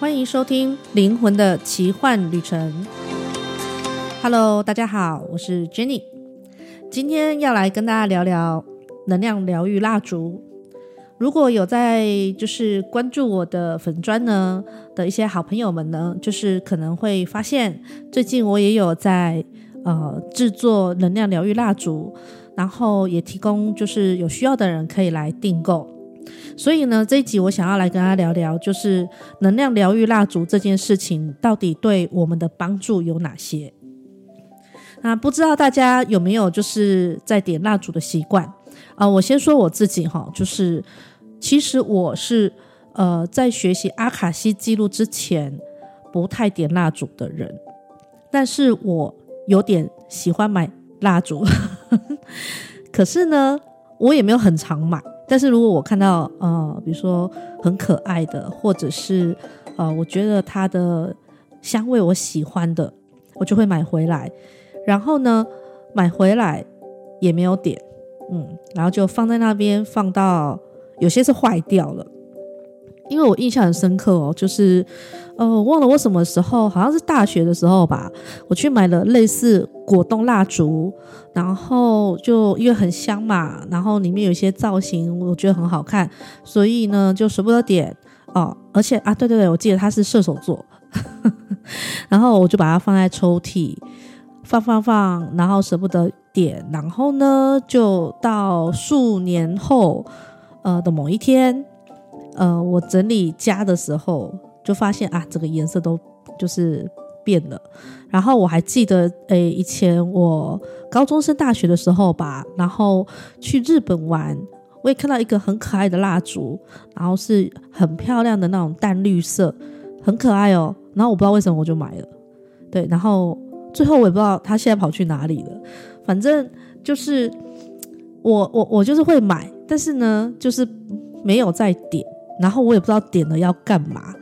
歡迎收聽《靈魂的奇幻旅程》。Hello，大家好，我是 Jannie，今天要來跟大家聊聊能量療癒蠟燭。如果有在就是關注我的粉專呢的一些好朋友們呢，就是可能會發現最近我也有在呃製作能量療癒蠟燭，然後也提供就是有需要的人可以來訂購。所以呢，這一集我想要來跟他聊聊，就是能量療癒蠟燭這件事情，到底對我們的幫助有哪些？那、啊、不知道大家有沒有就是在點蠟燭的習慣啊？我先說我自己哈，就是其實我是呃在學習阿卡西記錄之前，不太點蠟燭的人，但是我有點喜歡買蠟燭， 可是呢，我也沒有很常買。但是如果我看到呃，比如說很可愛的，或者是呃，我覺得它的香味我喜歡的，我就會買回來。然後呢，買回來也沒有點，嗯，然後就放在那邊，放到有些是壞掉了。因為我印象很深刻哦，就是，呃，忘了我什麼時候，好像是大學的時候吧，我去買了類似果凍蠟燭，然後就因為很香嘛，然後裡面有些造型，我覺得很好看，所以呢就捨不得點哦，而且啊，對對對，我記得他是射手座呵呵，然後我就把它放在抽屜，放放放，然後捨不得點，然後呢就到數年後，呃的某一天。呃，我整理家的時候就發現啊，整個顏色都就是變了。然後我還記得，哎，以前我高中升大學的時候吧，然後去日本玩，我也看到一個很可愛的蠟燭，然後是很漂亮的那種淡綠色，很可愛哦。然後我不知道為什麼我就買了，對。然後最後我也不知道他現在跑去哪裡了，反正就是我我我就是會買，但是呢，就是沒有再點。然後我也不知道點了要幹嘛。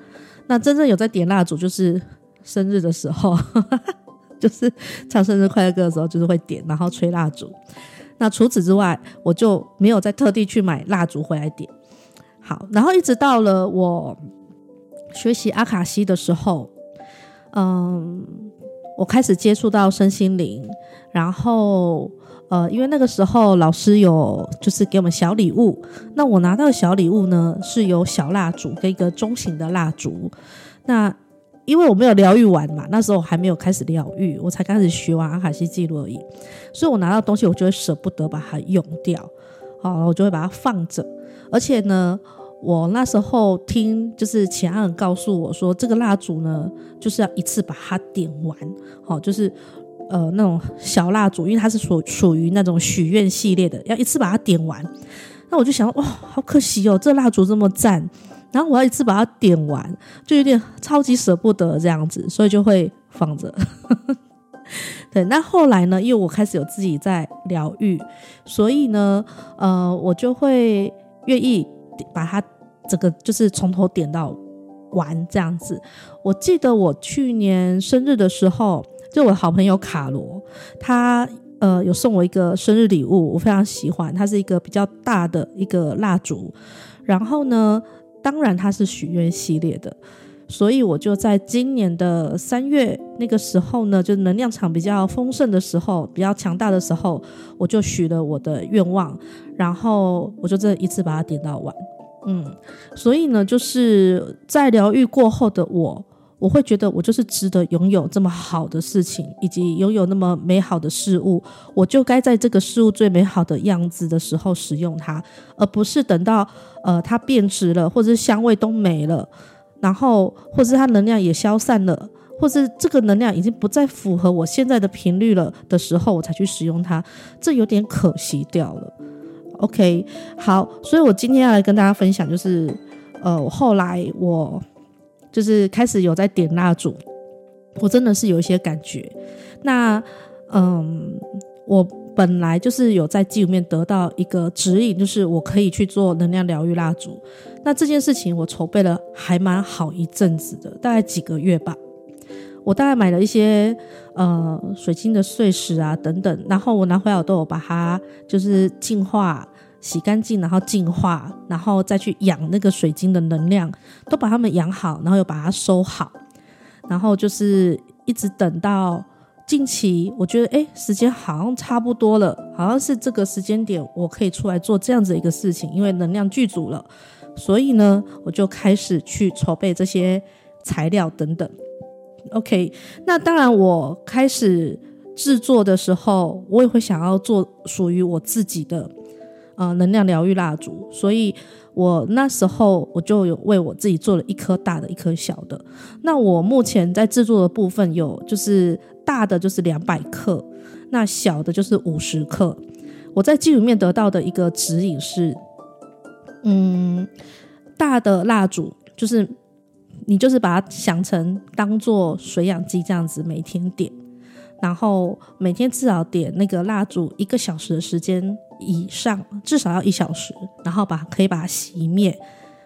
那真正有在點蠟燭，就是生日的時候， 就是唱生日快樂歌的時候，就是會點，然後吹蠟燭。那除此之外，我就沒有再特地去買蠟燭回來點。好，然後一直到了我學習阿卡西的時候，嗯，我開始接觸到身心靈，然後。呃，因為那個時候老師有就是給我們小禮物，那我拿到的小禮物呢，是有小蠟燭跟一個中型的蠟燭。那因為我沒有療癒完嘛，那時候我還沒有開始療癒，我才剛開始學完阿卡西記錄而已，所以我拿到東西，我就會捨不得把它用掉，好、哦，我就會把它放着。而且呢，我那時候聽就是其他人告訴我說，這個蠟燭呢，就是要一次把它點完，好、哦，就是。呃，那種小蠟燭，因為它是屬屬於那種許願系列的，要一次把它點完。那我就想，哇、哦，好可惜哦，這蠟燭這麼讚，然後我要一次把它點完，就有點超級捨不得這樣子，所以就會放着。 對，那後來呢，因為我開始有自己在療癒，所以呢，呃，我就會願意把它整個就是從頭點到完這樣子。我記得我去年生日的時候。就我的好朋友卡羅，他呃有送我一個生日禮物，我非常喜歡。它是一個比較大的一個蠟燭，然後呢，當然它是許願系列的，所以我就在今年的三月那個時候呢，就能量場比較豐盛的時候，比較強大的時候，我就許了我的願望，然後我就這一次把它點到完。嗯，所以呢，就是在療癒過後的我。我會覺得我就是值得擁有這麼好的事情，以及擁有那麼美好的事物，我就該在這個事物最美好的樣子的時候使用它，而不是等到呃它變質了，或是香味都沒了，然後或是它能量也消散了，或是這個能量已經不再符合我現在的頻率了的時候，我才去使用它，這有點可惜掉了。OK，好，所以我今天要來跟大家分享就是，呃，後來我。就是開始有在點蠟燭，我真的是有一些感覺。那嗯，我本來就是有在紀錄裡面得到一個指引，就是我可以去做能量療癒蠟燭。那這件事情我籌備了還蠻好一陣子的，大概幾個月吧。我大概買了一些呃、嗯、水晶的碎石啊等等，然後我拿回來我都有把它就是淨化。洗乾淨，然後淨化，然後再去養那個水晶的能量，都把它們養好，然後又把它收好，然後就是一直等到近期，我覺得哎，時間好像差不多了，好像是這個時間點我可以出來做這樣子的一個事情，因為能量具足了，所以呢，我就開始去籌備這些材料等等。OK，那當然，我開始制作的時候，我也會想要做屬於我自己的。呃，能量療癒蠟燭，所以我那時候我就有為我自己做了一顆大的，一顆小的。那我目前在製作的部分有，就是大的就是兩百克，那小的就是五十克。我在紀錄裡面得到的一個指引是，嗯，大的蠟燭就是你就是把它想成當做水氧機這樣子，每天點，然後每天至少點那個蠟燭一個小時的時間。以上至少要一小時，然後把可以把它熄滅，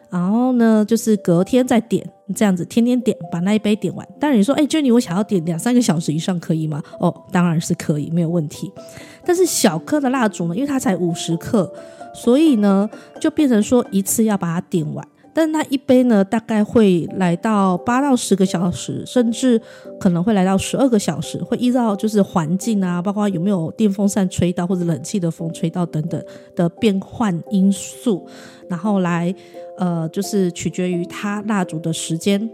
然後呢，就是隔天再點，這樣子天天點把那一杯點完。當然你說，哎，潔妮，我想要點兩三個小時以上可以嗎？哦，當然是可以，沒有問題。但是小顆的蠟燭呢，因為它才五十克，所以呢就變成說一次要把它點完。但那一杯呢，大概會來到八到十個小時，甚至可能會來到十二個小時，會依照就是環境啊，包括有沒有電風扇吹到或者冷氣的風吹到等等的變換因素，然後來呃，就是取決於它蠟燭的時間。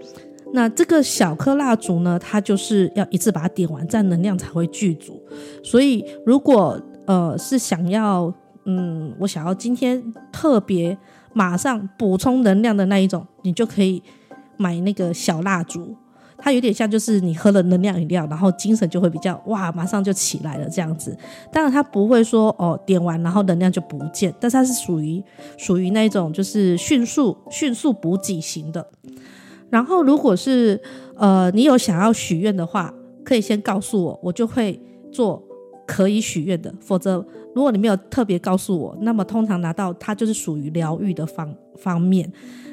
那這個小顆蠟燭呢，它就是要一次把它點完，這樣能量才會具足。所以如果呃是想要嗯，我想要今天特別馬上補充能量的那一種，你就可以買那個小蠟燭，它有點像就是你喝了能量飲料，然後精神就會比較哇，馬上就起來了這樣子。當然它不會說哦，點完然後能量就不見，但是它是屬於屬於那一種就是迅速迅速補給型的。然後如果是呃你有想要許願的話，可以先告訴我，我就會做。可以許願的，否則如果你沒有特別告訴我，那麼通常拿到它就是屬於療癒的方方面。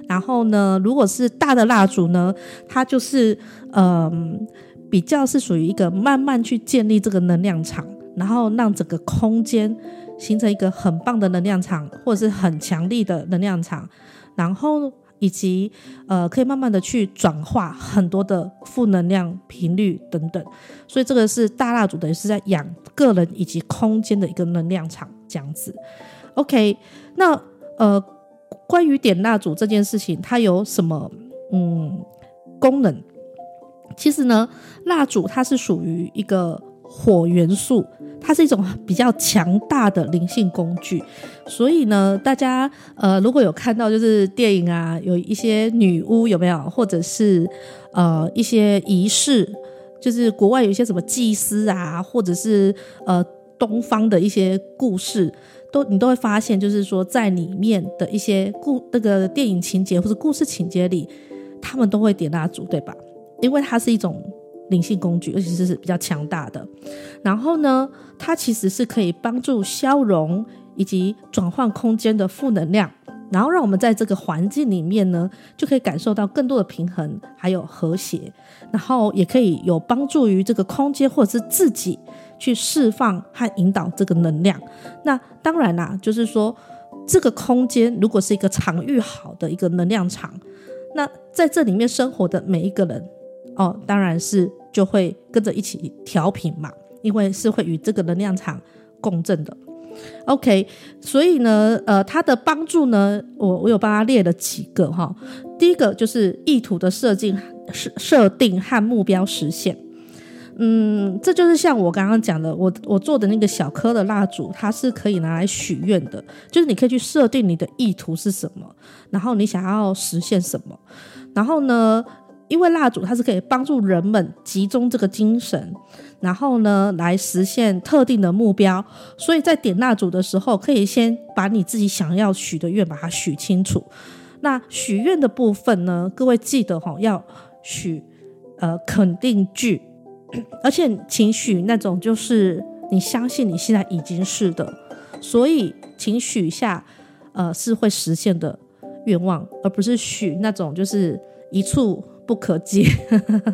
然後呢，如果是大的蠟燭呢，它就是嗯、呃，比較是屬於一個慢慢去建立這個能量場，然後讓整個空間形成一個很棒的能量場，或者是很強力的能量場。然後。以及呃，可以慢慢的去轉化很多的負能量頻率等等，所以這個是大蠟燭等於是在養個人以及空間的一個能量場這樣子。OK，那呃，關於點蠟燭這件事情，它有什麼嗯功能？其實呢，蠟燭它是屬於一個。火元素，它是一種比較強大的靈性工具，所以呢，大家呃，如果有看到就是電影啊，有一些女巫有沒有，或者是呃一些儀式，就是國外有一些什麼祭司啊，或者是呃東方的一些故事，都你都會發現，就是說在裡面的一些故那個電影情節或者故事情節裡，他們都會點蠟燭，對吧？因為它是一種。靈性工具，尤其是是比較強大的。然後呢，它其實是可以幫助消融以及轉換空間的負能量，然後讓我們在這個環境裡面呢，就可以感受到更多的平衡還有和諧，然後也可以有幫助於這個空間或者是自己去釋放和引導這個能量。那當然啦、啊，就是說這個空間如果是一個場域好的一個能量場，那在這裡面生活的每一個人哦，當然是。就會跟着一起調頻嘛，因為是會與這個能量場共振的。OK，所以呢，呃，它的幫助呢，我我有幫他列了幾個哈。第一個就是意圖的設計設設定和目標實現，嗯，這就是像我剛剛講的，我我做的那個小顆的蠟燭，它是可以拿來許願的，就是你可以去設定你的意圖是什麼，然後你想要實現什麼，然後呢，因為蠟燭它是可以幫助人們集中這個精神，然後呢，來實現特定的目標，所以在點蠟燭的時候，可以先把你自己想要許的願把它許清楚。那許願的部分呢，各位記得哈、哦，要許呃肯定句，而且請許那種就是你相信你現在已經是的，所以請許下呃是會實現的願望，而不是許那種就是一處。不可及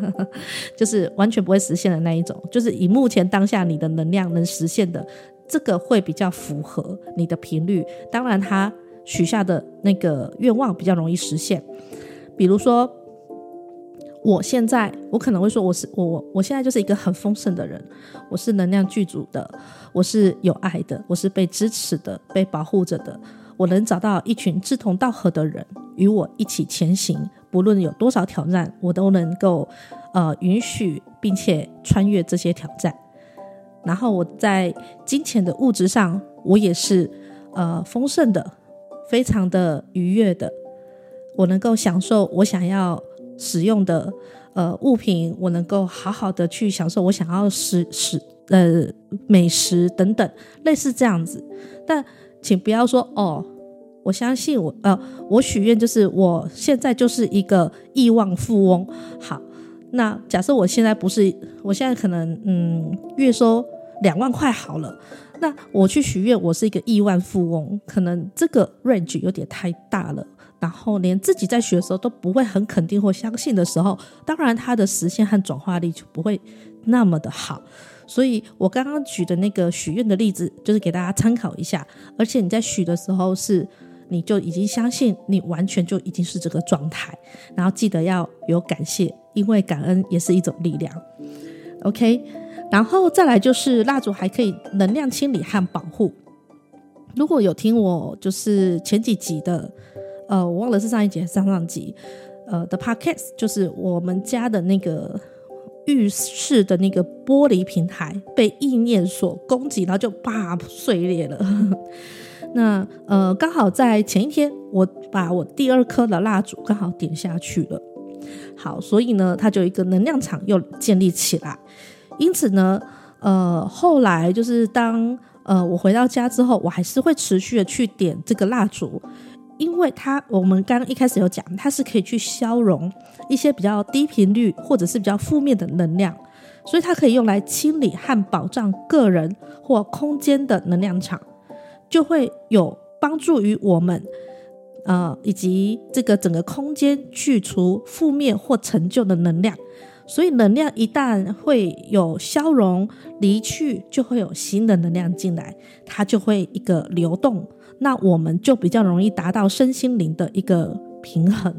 就是完全不會實現的那一種。就是以目前當下你的能量能實現的，這個會比較符合你的頻率。當然，他許下的那個願望比較容易實現。比如說，我現在我可能會說，我是我，我現在就是一個很豐盛的人。我是能量具足的，我是有愛的，我是被支持的、被保護着的。我能找到一群志同道合的人與我一起前行。不論有多少挑戰，我都能夠呃允許，並且穿越這些挑戰。然後我在金錢的物質上，我也是呃豐盛的，非常的愉悅的。我能夠享受我想要使用的呃物品，我能夠好好的去享受我想要食食呃美食等等類似這樣子。但請不要說哦。我相信我呃，我許願就是我現在就是一個億萬富翁。好，那假設我現在不是，我現在可能嗯，月收兩萬塊好了。那我去許願，我是一個億萬富翁，可能這個 range 有點太大了。然後連自己在許的時候都不會很肯定或相信的時候，當然它的實現和轉化率就不會那麼的好。所以我剛剛舉的那個許願的例子，就是給大家參考一下。而且你在許的時候是。你就已經相信，你完全就已經是這個狀態。然後記得要有感謝，因為感恩也是一種力量。OK，然後再來就是蠟燭還可以能量清理和保護。如果有聽我就是前幾集的，呃，我忘了是上一集還是上上集，呃，the podcast，就是我們家的那個浴室的那個玻璃平台被意念所攻擊，然後就啪碎裂了。那呃，剛好在前一天，我把我第二顆的蠟燭剛好點下去了。好，所以呢，它就一個能量場又建立起來。因此呢，呃，後來就是當呃我回到家之後，我還是會持續的去點這個蠟燭，因為它我們剛剛一開始有講，它是可以去消融一些比較低頻率或者是比較負面的能量，所以它可以用來清理和保障個人或空間的能量場。就會有幫助於我們，呃，以及這個整個空間去除負面或陳舊的能量。所以，能量一旦會有消融離去，就會有新的能量進來，它就會一個流動。那我們就比較容易達到身心靈的一個平衡。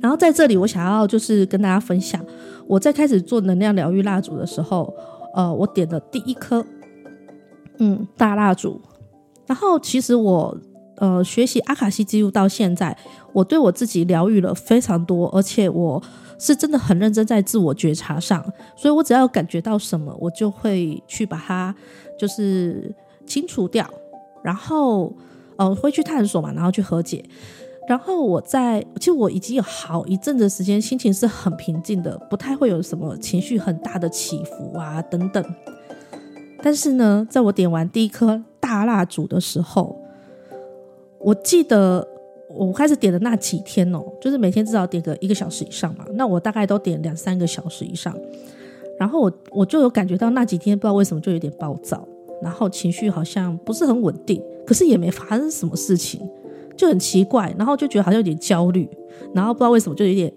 然後在這裡，我想要就是跟大家分享，我在開始做能量療愈蠟燭的時候，呃，我點的第一顆，嗯，大蠟燭。然後，其實我，呃，學習阿卡西記錄到現在，我對我自己療癒了非常多，而且我是真的很認真在自我覺察上，所以我只要感覺到什麼，我就會去把它就是清除掉，然後，呃，會去探索嘛，然後去和解，然後我在其實我已經有好一陣子的時間，心情是很平靜的，不太會有什麼情緒很大的起伏啊等等，但是呢，在我點完第一顆。大、啊、蠟燭的時候，我記得我開始點的那幾天哦，就是每天至少點個一個小時以上嘛。那我大概都點了兩三個小時以上，然後我我就有感覺到那幾天不知道為什麼就有點暴躁，然後情緒好像不是很穩定，可是也沒發生什麼事情，就很奇怪。然後就覺得好像有點焦慮，然後不知道為什麼就有點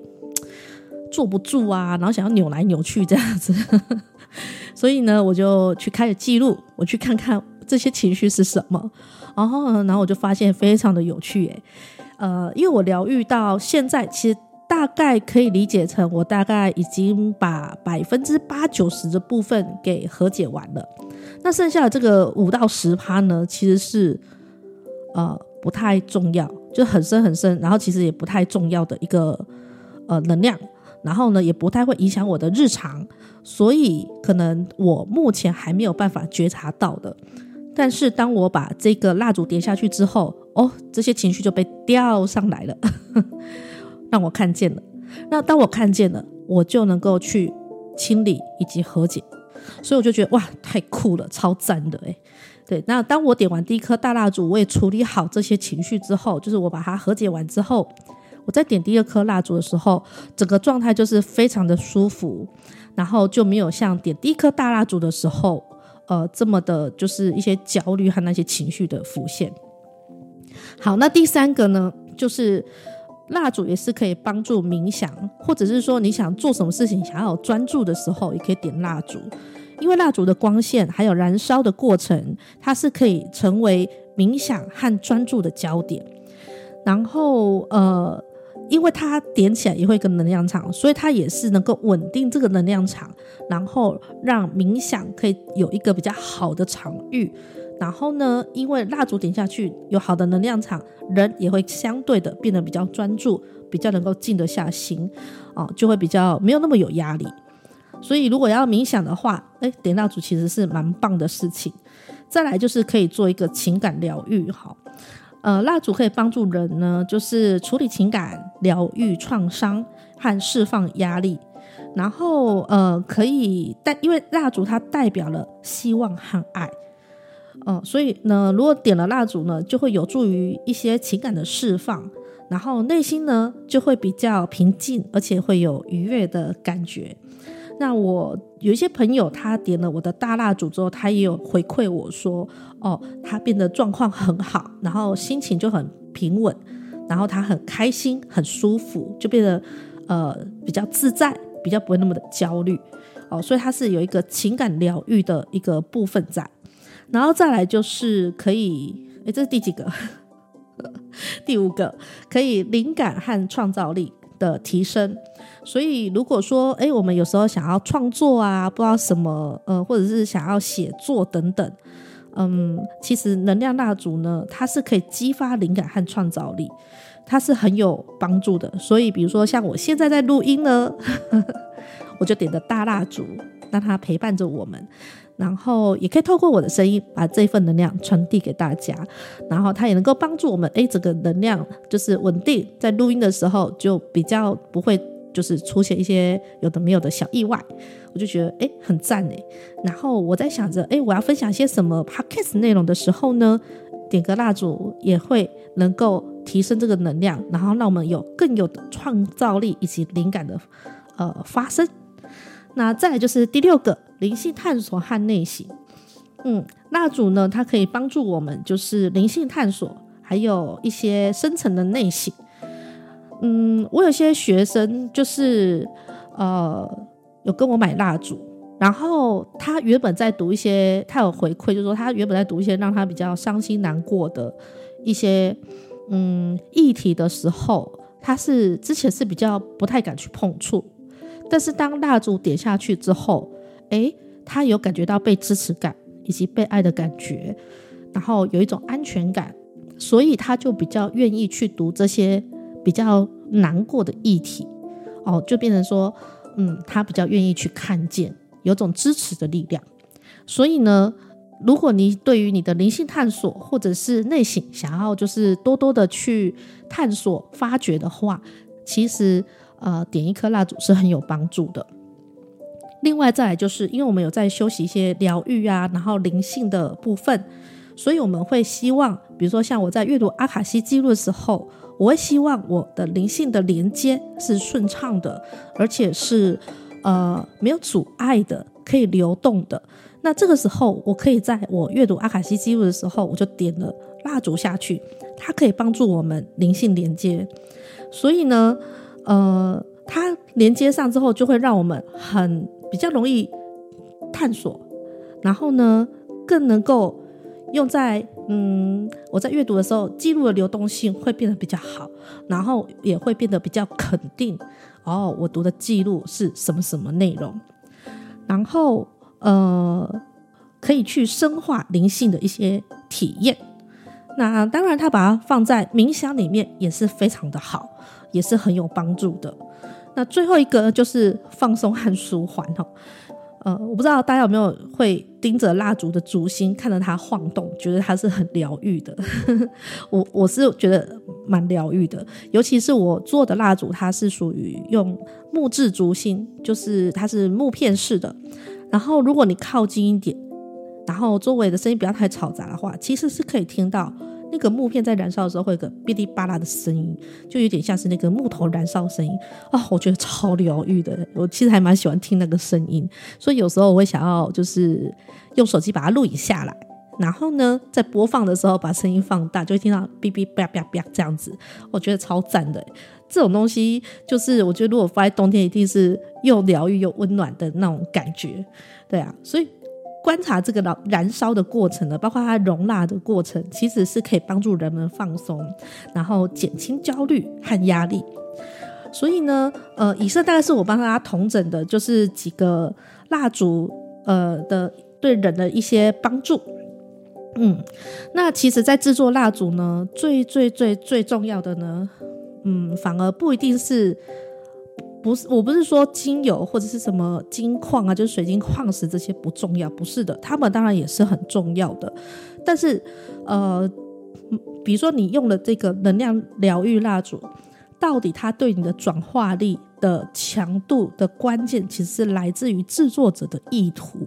坐不住啊，然後想要扭來扭去這樣子。 所以呢，我就去開始記錄，我去看看。這些情緒是什麼？然後，然後我就發現非常的有趣，欸，誒。呃，因為我療癒到現在，其實大概可以理解成我大概已經把百分之八九十的部分給和解完了。那剩下的這個五到十趴呢，其實是呃不太重要，就很深很深，然後其實也不太重要的一個呃能量，然後呢也不太會影響我的日常，所以可能我目前還沒有辦法覺察到的。但是當我把這個蠟燭點下去之後，哦，這些情緒就被吊上來了呵呵，讓我看見了。那當我看見了，我就能夠去清理以及和解。所以我就覺得哇，太酷了，超讚的哎、欸。對，那當我點完第一顆大蠟燭，我也處理好這些情緒之後，就是我把它和解完之後，我再點第二顆蠟燭的時候，整個狀態就是非常的舒服，然後就沒有像點第一顆大蠟燭的時候。呃，這麼的，就是一些焦慮和那些情緒的浮現。好，那第三個呢，就是蠟燭也是可以幫助冥想，或者是說你想做什麼事情想要專注的時候，也可以點蠟燭，因為蠟燭的光線還有燃燒的過程，它是可以成為冥想和專注的焦點。然後，呃。因為它點起來也會有一個能量場，所以它也是能夠穩定這個能量場，然後讓冥想可以有一個比較好的場域。然後呢，因為蠟燭點下去有好的能量場，人也會相對的變得比較專注，比較能夠靜得下心，啊、哦，就會比較沒有那麼有壓力。所以如果要冥想的話，哎，點蠟燭其實是蠻棒的事情。再來就是可以做一個情感療癒，好、哦。呃，蠟燭可以幫助人呢，就是處理情感、療癒創傷和釋放壓力。然後，呃，可以，但，因為蠟燭它代表了希望和愛，呃，所以呢，如果點了蠟燭呢，就會有助於一些情感的釋放，然後內心呢就會比較平靜，而且會有愉悅的感覺。那我有一些朋友，他點了我的大蠟燭之後，他也有回饋我說，哦，他變得狀況很好，然後心情就很平穩，然後他很開心、很舒服，就變得呃比較自在，比較不會那麼的焦慮。哦，所以他是有一個情感療癒的一個部分在，然後再來就是可以，誒，這是第幾個？ 第五個，可以靈感和創造力。的提升，所以如果說，誒、欸，我們有時候想要創作啊，不知道什麼，呃，或者是想要寫作等等，嗯，其實能量蠟燭呢，它是可以激發靈感和創造力，它是很有幫助的。所以，比如說像我現在在錄音呢，呵呵我就點的大蠟燭，讓它陪伴着我們。然後也可以透過我的聲音把這份能量傳遞給大家，然後它也能夠幫助我們，哎，這個能量就是穩定，在錄音的時候就比較不會就是出現一些有的沒有的小意外，我就覺得哎很讚哎。然後我在想着哎我要分享些什麼 podcast 內容的時候呢，點個蠟燭也會能夠提升這個能量，然後讓我們有更有的創造力以及靈感的呃發生。那再來就是第六個靈性探索和內省，嗯，蠟燭呢，它可以幫助我們，就是靈性探索，還有一些深層的內省。嗯，我有些學生就是呃，有跟我買蠟燭，然後他原本在讀一些，他有回饋，就是說他原本在讀一些讓他比較傷心難過的一些嗯議題的時候，他是之前是比較不太敢去碰觸。但是當蠟燭點下去之後，誒，他有感覺到被支持感以及被愛的感覺，然後有一種安全感，所以他就比較願意去讀這些比較難過的議題，哦，就變成說，嗯，他比較願意去看見，有種支持的力量。所以呢，如果你對於你的靈性探索或者是內心想要就是多多的去探索發掘的話，其實。呃，點一顆蠟燭是很有幫助的。另外，再來就是因為我們有在修習一些療癒啊，然後靈性的部分，所以我們會希望，比如說像我在閱讀阿卡西記錄的時候，我會希望我的靈性的連接是順暢的，而且是呃沒有阻礙的，可以流動的。那這個時候，我可以在我閱讀阿卡西記錄的時候，我就點了蠟燭下去，它可以幫助我們靈性連接。所以呢。呃，它連接上之後，就會讓我們很比較容易探索，然後呢，更能夠用在嗯，我在閱讀的時候，記錄的流動性會變得比較好，然後也會變得比較肯定。哦，我讀的記錄是什麼什麼內容，然後呃，可以去深化靈性的一些體驗。那當然，它把它放在冥想裡面也是非常的好。也是很有幫助的。那最後一個就是放鬆和舒緩哈。呃，我不知道大家有沒有會盯着蠟燭的燭心看着它晃動，覺得它是很療癒的。 我我是覺得蠻療癒的，尤其是我做的蠟燭，它是屬於用木質燭心，就是它是木片式的。然後如果你靠近一點，然後周圍的聲音不要太嘈雜的話，其實是可以聽到。那個木片在燃燒的時候會有個嗶哩巴拉的聲音，就有點像是那個木頭燃燒的聲音啊、哦，我覺得超療癒的。我其實還蠻喜歡聽那個聲音，所以有時候我會想要就是用手機把它錄影下來，然後呢，在播放的時候把聲音放大，就會聽到嗶嗶吧吧吧這樣子，我覺得超讚的、欸。這種東西就是我覺得如果放在冬天，一定是又療癒又溫暖的那種感覺，對啊，所以。觀察這個燃燃燒的過程呢，包括它熔蠟的過程，其實是可以幫助人們放鬆，然後減輕焦慮和壓力。所以呢，呃，以上大概是我幫大家統整的，就是幾個蠟燭呃的對人的一些幫助。嗯，那其實，在製作蠟燭呢，最最最最重要的呢，嗯，反而不一定是。不是，我不是說精油或者是什麼金礦啊，就是水晶礦石這些不重要，不是的，他們當然也是很重要的。但是，呃，比如說你用了這個能量療癒蠟燭，到底它對你的轉化力的強度的關鍵，其實是來自於制作者的意圖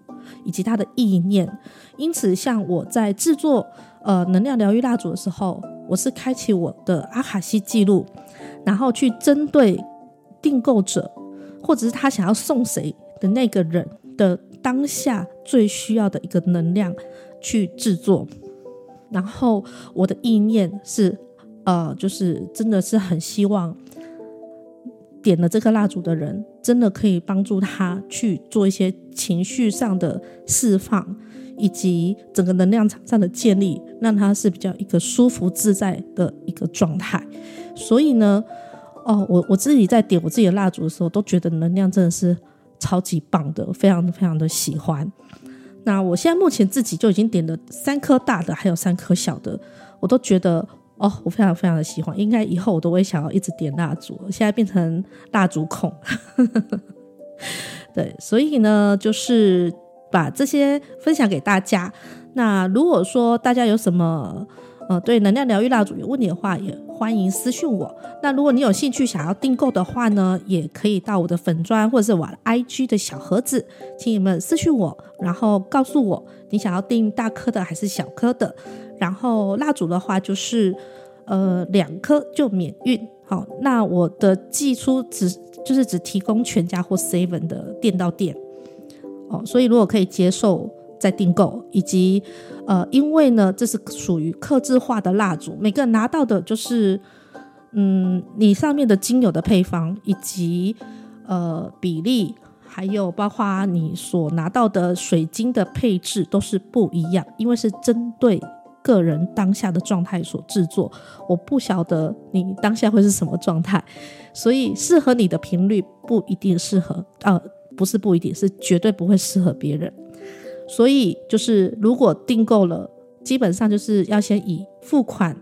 以及他的意念。因此，像我在制作呃能量療癒蠟燭的時候，我是開啟我的阿卡西記錄，然後去針對。訂購者，或者是他想要送誰的那個人的當下最需要的一個能量去制作，然後我的意念是，呃，就是真的是很希望點了這個蠟燭的人，真的可以幫助他去做一些情緒上的釋放，以及整個能量場上的建立，讓他是比較一個舒服自在的一個狀態。所以呢，哦，我我自己在點我自己的蠟燭的時候，都覺得能量真的是超級棒的，非常非常的喜歡。那我現在目前自己就已經點了三顆大的，還有三顆小的，我都覺得哦，我非常非常的喜歡。應該以後我都會想要一直點蠟燭，現在變成蠟燭控。 對，所以呢，就是把這些分享給大家。那如果說大家有什麼？呃、嗯，對，能量療癒蠟燭有問題的話，也歡迎私訊我。那如果你有興趣想要訂購的話呢，也可以到我的粉專或者是我 IG 的小盒子，請你們私訊我，然後告訴我你想要訂大顆的還是小顆的。然後蠟燭的話，就是呃兩顆就免運。好，那我的寄出只就是只提供全家或 seven 的店到店。哦，所以如果可以接受，在訂購，以及，呃，因為呢，這是屬於客製化的蠟燭，每個拿到的就是，嗯，你上面的精油的配方以及，呃，比例，還有包括你所拿到的水晶的配置都是不一樣，因為是針對個人當下的狀態所製作。我不曉得你當下會是什麼狀態，所以適合你的頻率不一定適合啊，呃，不是不一定，是絕對不會適合別人。所以就是，如果訂購了，基本上就是要先以付款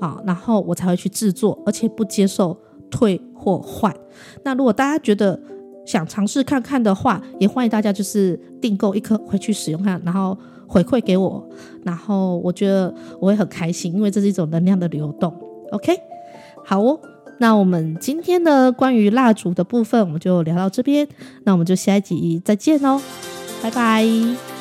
啊，然後我才會去製作，而且不接受退或換。那如果大家覺得想嘗試看看的話，也歡迎大家就是訂購一顆回去使用看，然後回饋給我，然後我覺得我會很開心，因為這是一種能量的流動。OK，好哦，那我們今天的關於蠟燭的部分我們就聊到這邊，那我們就下一集再見哦，拜拜。